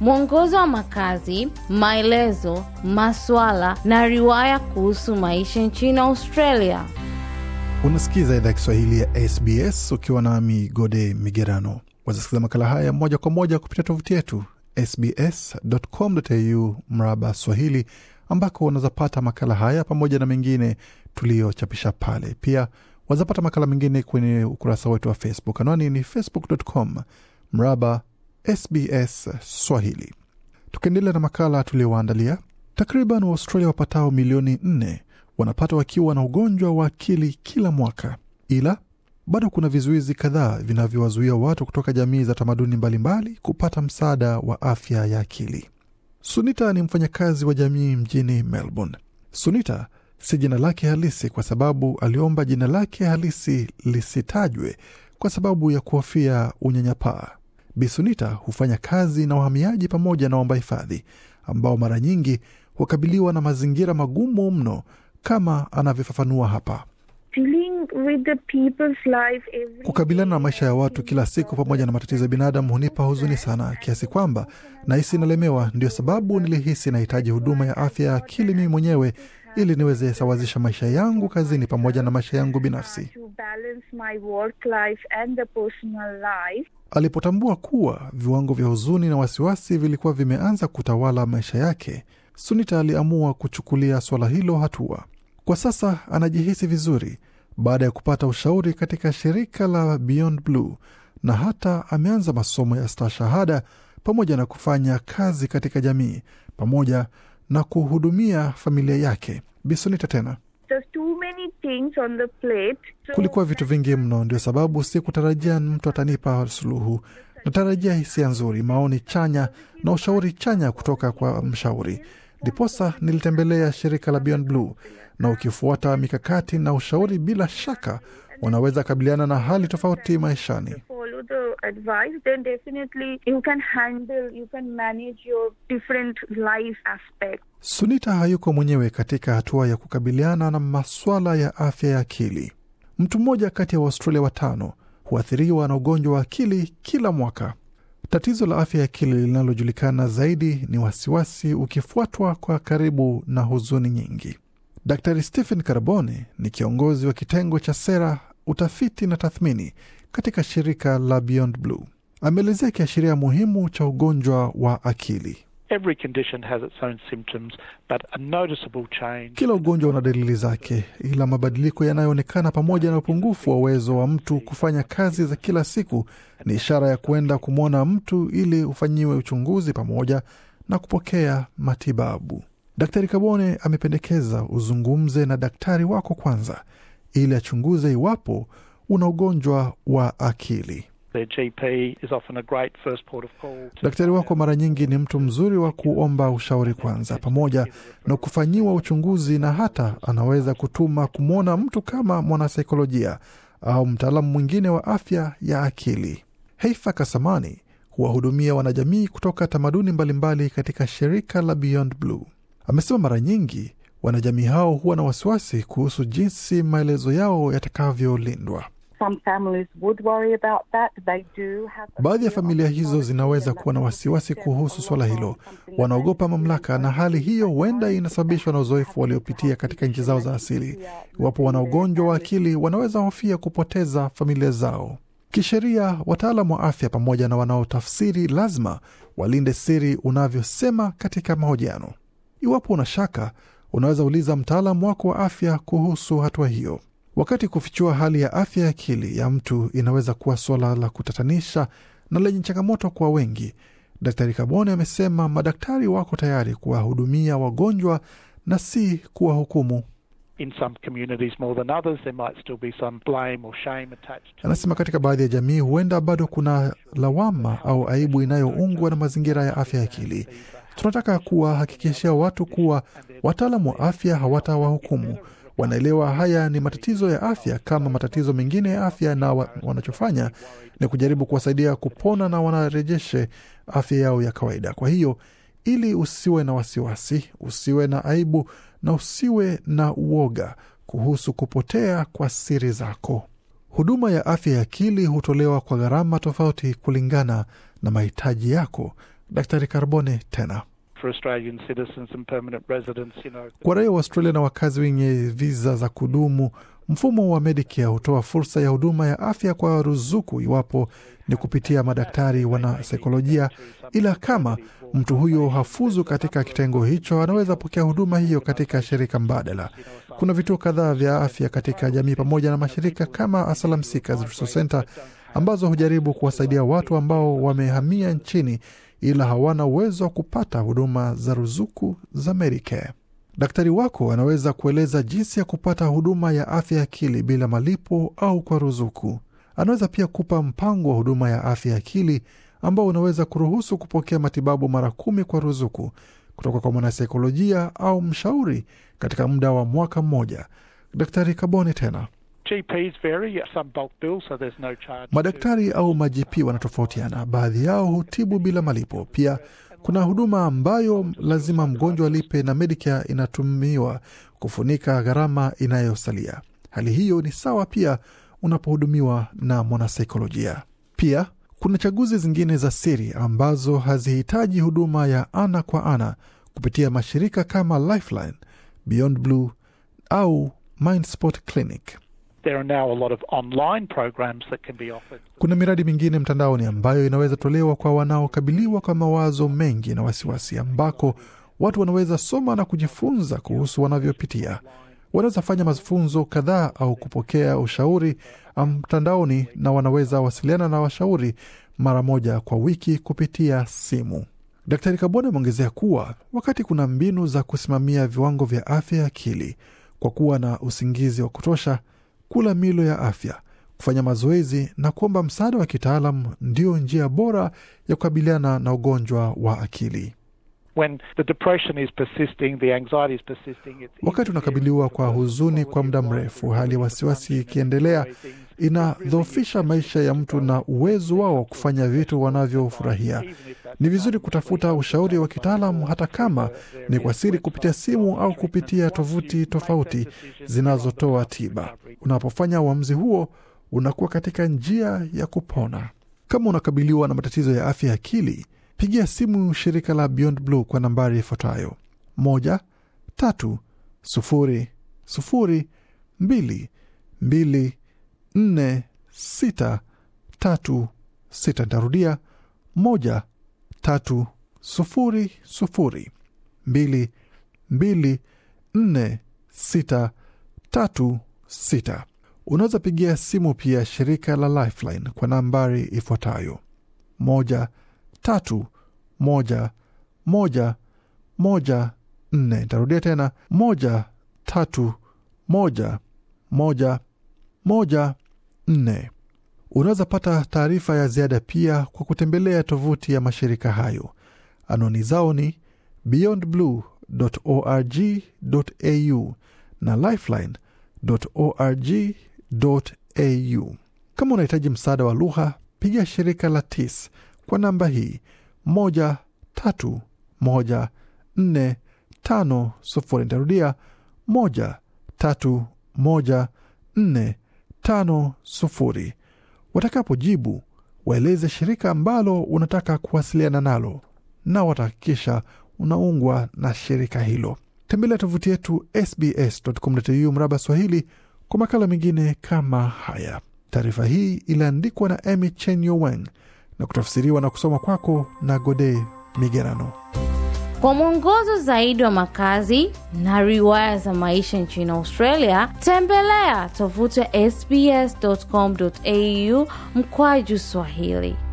mwongozo wa makazi, maelezo, maswala na riwaya kuhusu maisha nchini Australia. Unasikiza idhaa Kiswahili ya SBS ukiwa nami Gode Migerano. Wazasikiza makala haya moja kwa moja kupitia tovuti yetu sbs.com.au mraba Swahili, ambako unawezapata makala haya pamoja na mengine tuliyochapisha pale. Pia wazapata makala mengine kwenye ukurasa wetu wa Facebook, anwani ni facebook.com mraba SBS Swahili. Tukiendelea na makala tuliyoandalia, takriban Waaustralia wapatao milioni nne wanapata wakiwa na ugonjwa wa akili kila mwaka, ila bado kuna vizuizi kadhaa vinavyowazuia watu kutoka jamii za tamaduni mbalimbali mbali kupata msaada wa afya ya akili. Sunita ni mfanyakazi wa jamii mjini Melbourne. Sunita si jina lake halisi kwa sababu aliomba jina lake halisi lisitajwe kwa sababu ya kuhofia unyanyapaa. Bisunita hufanya kazi na wahamiaji pamoja na waomba hifadhi ambao mara nyingi hukabiliwa na mazingira magumu mno, kama anavyofafanua hapa. Kukabiliana na maisha ya watu kila siku pamoja na matatizo ya binadamu hunipa huzuni sana, kiasi kwamba nahisi nalemewa. Ndio sababu nilihisi nahitaji huduma ya afya ya akili mimi mwenyewe ili niweze sawazisha maisha yangu kazini pamoja na maisha yangu binafsi. Alipotambua kuwa viwango vya huzuni na wasiwasi vilikuwa vimeanza kutawala maisha yake, Sunita aliamua kuchukulia swala hilo hatua. Kwa sasa anajihisi vizuri baada ya kupata ushauri katika shirika la Beyond Blue na hata ameanza masomo ya stashahada pamoja na kufanya kazi katika jamii pamoja na kuhudumia familia yake. Bisunita tena on the plate. So, kulikuwa vitu vingi mno, ndio sababu sikutarajia mtu atanipa suluhu. Natarajia hisia nzuri, maoni chanya na ushauri chanya kutoka kwa mshauri. Ndiposa nilitembelea shirika la Beyond Blue, na ukifuata mikakati na ushauri, bila shaka unaweza kabiliana na hali tofauti maishani the advice, then definitely you can handle, you can manage your different life aspects. Sunita hayuko mwenyewe katika hatua ya kukabiliana na maswala ya afya ya akili. Mtu mmoja kati ya waustralia watano huathiriwa na ugonjwa wa akili kila mwaka. Tatizo la afya ya akili linalojulikana zaidi ni wasiwasi, ukifuatwa kwa karibu na huzuni nyingi. Daktari Stephen Carbone ni kiongozi wa kitengo cha sera, utafiti na tathmini katika shirika la Beyond Blue. Ameelezea kiashiria muhimu cha ugonjwa wa akili. Every condition has its own symptoms, but a noticeable change... Kila ugonjwa una dalili zake, ila mabadiliko yanayoonekana pamoja na upungufu wa uwezo wa mtu kufanya kazi za kila siku ni ishara ya kuenda kumwona mtu ili ufanyiwe uchunguzi pamoja na kupokea matibabu. Daktari Kabone amependekeza uzungumze na daktari wako kwanza ili achunguze iwapo una ugonjwa wa akili. Daktari wako mara nyingi ni mtu mzuri wa kuomba ushauri kwanza, pamoja na kufanyiwa uchunguzi, na hata anaweza kutuma kumwona mtu kama mwanasaikolojia au mtaalamu mwingine wa afya ya akili. Heifa Kasamani huwahudumia wanajamii kutoka tamaduni mbalimbali katika shirika la Beyond Blue. Amesema mara nyingi wanajamii hao huwa na wasiwasi kuhusu jinsi maelezo yao yatakavyolindwa. Baadhi ya familia hizo zinaweza kuwa na wasiwasi kuhusu swala hilo, wanaogopa mamlaka, na hali hiyo huenda inasababishwa na uzoefu waliopitia katika nchi zao za asili. Iwapo wana ugonjwa wa akili, wanaweza hofia kupoteza familia zao. Kisheria, wataalam wa afya pamoja na wanaotafsiri lazima walinde siri unavyosema katika mahojiano. Iwapo una shaka, unaweza uliza mtaalam wako wa afya kuhusu hatua hiyo wakati kufichua hali ya afya ya akili ya mtu inaweza kuwa suala la kutatanisha na lenye changamoto kwa wengi. Daktari Kabone amesema madaktari wako tayari kuwahudumia wagonjwa na si kuwahukumu. Anasema katika baadhi ya jamii huenda bado kuna lawama au aibu inayoungwa na mazingira ya afya ya akili. Tunataka kuwahakikishia watu kuwa wataalamu wa afya hawatawahukumu wanaelewa haya ni matatizo ya afya kama matatizo mengine ya afya, na wa, wanachofanya ni kujaribu kuwasaidia kupona na wanarejeshe afya yao ya kawaida. Kwa hiyo ili usiwe na wasiwasi, usiwe na aibu na usiwe na uoga kuhusu kupotea kwa siri zako. Huduma ya afya ya akili hutolewa kwa gharama tofauti kulingana na mahitaji yako. Daktari Karbone tena for Australian citizens and permanent residents, you know. Kwa raia wa Australia na wakazi wenye viza za kudumu, mfumo wa Medicare hutoa fursa ya huduma ya afya kwa ruzuku iwapo ni kupitia madaktari wanasaikolojia, ila kama mtu huyo hafuzu katika kitengo hicho, anaweza pokea huduma hiyo katika shirika mbadala. Kuna vituo kadhaa vya afya katika jamii pamoja na mashirika kama Asylum Seekers Resource Center ambazo hujaribu kuwasaidia watu ambao wamehamia nchini ila hawana uwezo wa kupata huduma za ruzuku za Medicare. Daktari wako anaweza kueleza jinsi ya kupata huduma ya afya ya akili bila malipo au kwa ruzuku. Anaweza pia kupa mpango wa huduma ya afya ya akili ambao unaweza kuruhusu kupokea matibabu mara kumi kwa ruzuku kutoka kwa mwanasaikolojia au mshauri katika muda wa mwaka mmoja. Daktari Kaboni tena GPs vary, some bulk bill, so there's no charge. Madaktari au majp wanatofautiana, baadhi yao hutibu bila malipo. Pia kuna huduma ambayo lazima mgonjwa alipe na Medicare inatumiwa kufunika gharama inayosalia. Hali hiyo ni sawa pia unapohudumiwa na mwanasaikolojia. Pia kuna chaguzi zingine za siri ambazo hazihitaji huduma ya ana kwa ana kupitia mashirika kama Lifeline, Beyond Blue au Mindsport Clinic. There are now a lot of online programs that can be offered. Kuna miradi mingine mtandaoni ambayo inaweza tolewa kwa wanaokabiliwa kwa mawazo mengi na wasiwasi, ambako watu wanaweza soma na kujifunza kuhusu wanavyopitia. Wanaweza fanya mafunzo kadhaa au kupokea ushauri mtandaoni, na wanaweza wasiliana na washauri mara moja kwa wiki kupitia simu. Daktari Kabwana ameongezea kuwa wakati kuna mbinu za kusimamia viwango vya afya ya akili kwa kuwa na usingizi wa kutosha kula milo ya afya, kufanya mazoezi na kuomba msaada wa kitaalam ndiyo njia bora ya kukabiliana na ugonjwa wa akili. When the depression is persisting, the anxiety is persisting, it's... Wakati unakabiliwa kwa huzuni kwa muda mrefu, hali ya wasiwasi ikiendelea, inadhoofisha maisha ya mtu na uwezo wao wa kufanya vitu wanavyofurahia. Ni vizuri kutafuta ushauri wa kitaalamu, hata kama ni kwa siri, kupitia simu au kupitia tovuti tofauti zinazotoa tiba unapofanya uamuzi huo unakuwa katika njia ya kupona. Kama unakabiliwa na matatizo ya afya ya akili, pigia simu shirika la Beyond Blue kwa nambari ifuatayo: moja tatu sufuri sufuri mbili mbili nne sita tatu sita. Nitarudia: moja tatu sufuri sufuri mbili mbili nne sita tatu 6. Unaweza pigia simu pia shirika la Lifeline kwa nambari ifuatayo moja itarudia Nitarudia tena moja Unaweza pata taarifa ya ziada pia kwa kutembelea tovuti ya mashirika hayo. Anwani zao ni beyondblue.org.au na Lifeline org.au. Kama unahitaji msaada wa lugha, piga shirika la TIS kwa namba hii 131450. Nitarudia 131450. Watakapojibu, waeleze shirika ambalo unataka kuwasiliana nalo na watahakikisha unaungwa na shirika hilo tembelea tovuti yetu sbs.com.au mraba Swahili kwa makala mengine kama haya. Taarifa hii iliandikwa na Emy Chenyo Wang na kutafsiriwa na kusoma kwako na Gode Migerano. Kwa mwongozo zaidi wa makazi na riwaya za maisha nchini Australia, tembelea tovuti ya sbs.com.au mkwaju Swahili.